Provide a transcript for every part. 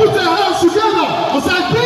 put your hands together. Você é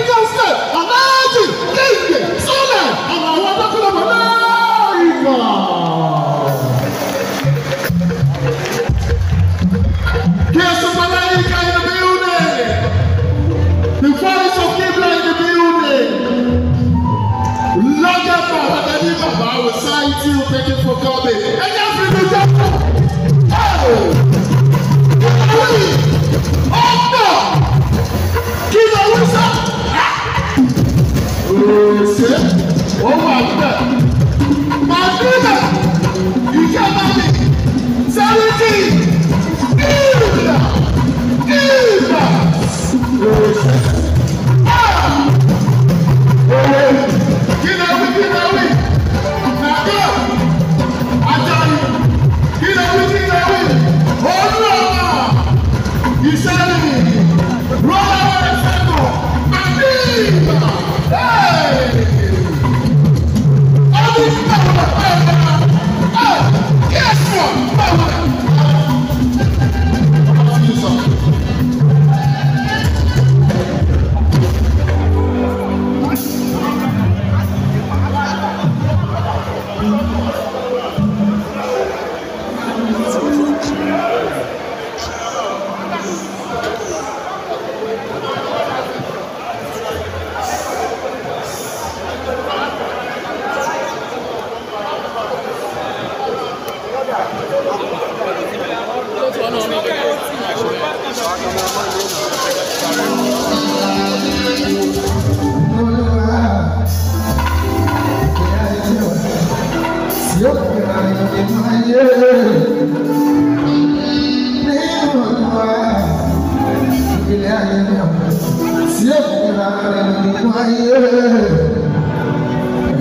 ẹ̀dùn ayé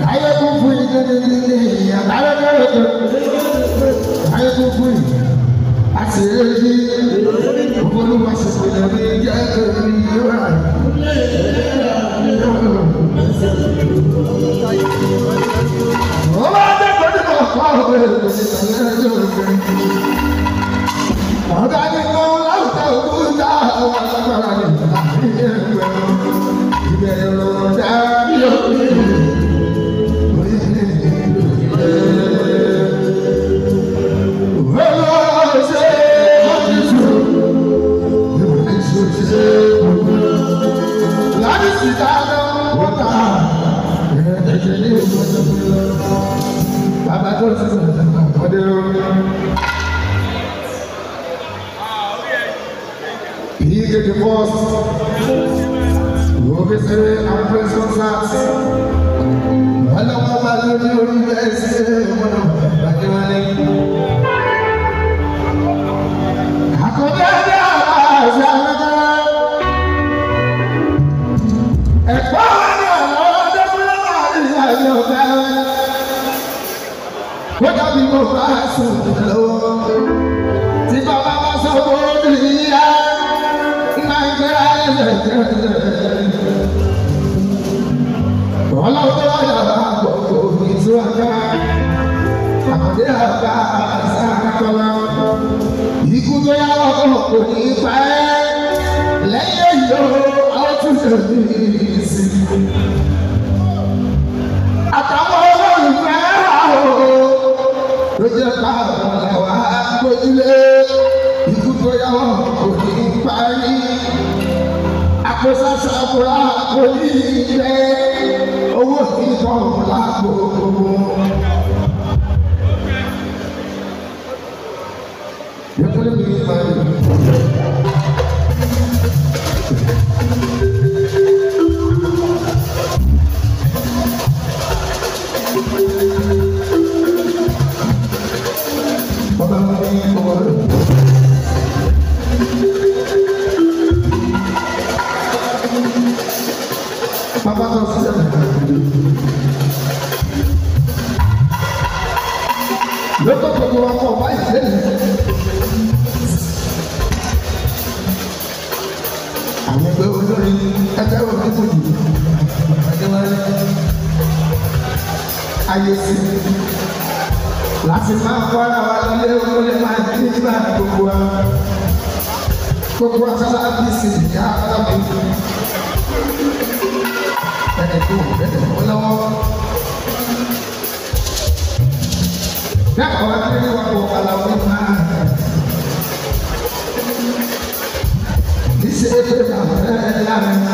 ayé kún fún yìí dédédédé àtàrà lọ́wọ́ tó ayé kún fún yìí àti èyí olúwa sọ̀rọ̀ ìdàgbé jẹ́ èyí yóò rà. Ọba Professor Alfred Sonsa Ikú tó yá ọkọ̀ kò ní pa ẹ́ lẹ́yìn èyí ó àwọn tún ṣe ní ìsinmi. Àtàwọn olólùfẹ́ àwọn ló jẹ́ ká àwọn àwọn àgbójúlé ikú tó yá ọkọ̀ kò ní mo ṣàṣàkùrà kò ní ilé owó ìtọ́rùn lápò gbogbo. káyé sí láti máa kó ara wa lé owó lè máa dín nígbà gbogbo wa gbogbo akala apc ní alábò ẹni tó ẹni tó lọ́wọ́ dákọ̀ adé wà kó aláwọ̀ máa níṣẹ́ pé bàbá ẹ̀ láàrin.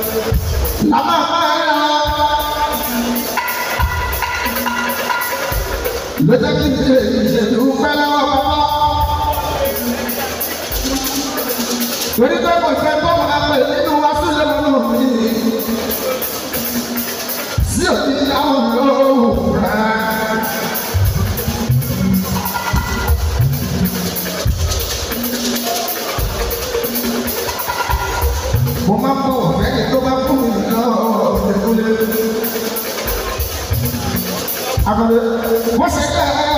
àmọ́ àmọ́ ẹ̀ lọ. lọ́jọ́ kí n ṣe ìṣèlú pẹ́ lọ́wọ́ bàbá. torí pé kò sẹ́ tó máa pè nínú. What's that?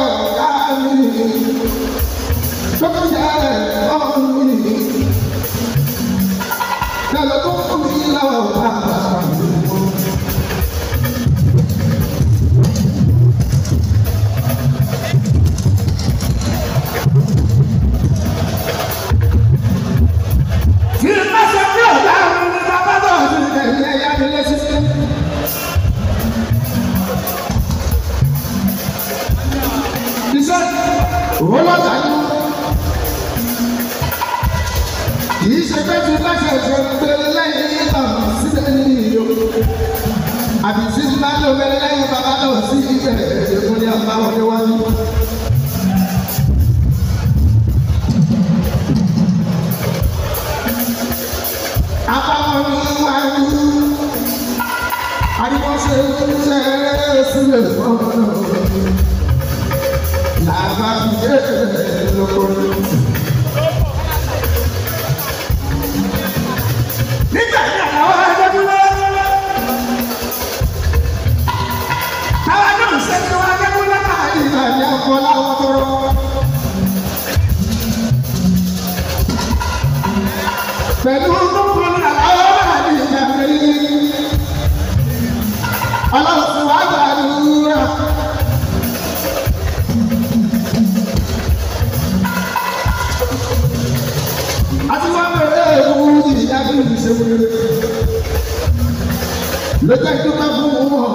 bẹ́tà ìjọba fún wọn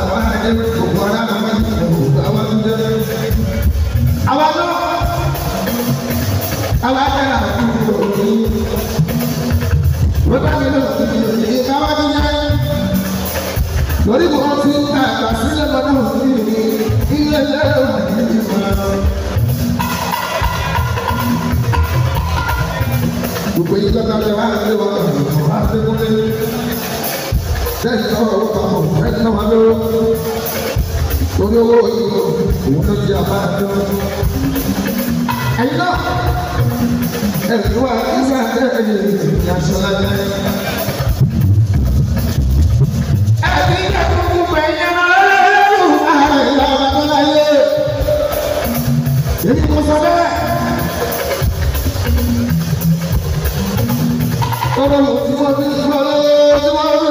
àwọn àjẹ òkú ọ̀rá àwọn ìjọba àwọn àjẹ àwọn àjọ àwọn àjẹ àwọn ìjọba bẹ́tà ìjọba fún wọn àwọn àjẹ lórí kò wọ́n ti ń ta àgbàsílẹ̀ lọ́dún sí ilé lẹ́rù ìjìnlẹ̀ tẹ́sí ọ̀rọ̀ owó papọ̀ tẹ́sí náà wà lówó torí owó òyìnbó òun ló jẹ́ àbá àjọ. ẹ̀yin náà ẹ̀sìn wa nígbà tẹ́ ẹ̀yìn ìrìn àṣọ lájẹ́. ẹ̀sìn ìjọba gbogbo ẹ̀yẹ náà lọ́wọ́ ààrẹ ìlànà tó láyé. èyí kò sọ bẹ́ẹ̀. Ọlọ́run tí wọ́n fi ń gbọ́ lọ́wọ́ tí wọ́n rú.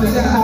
Yeah.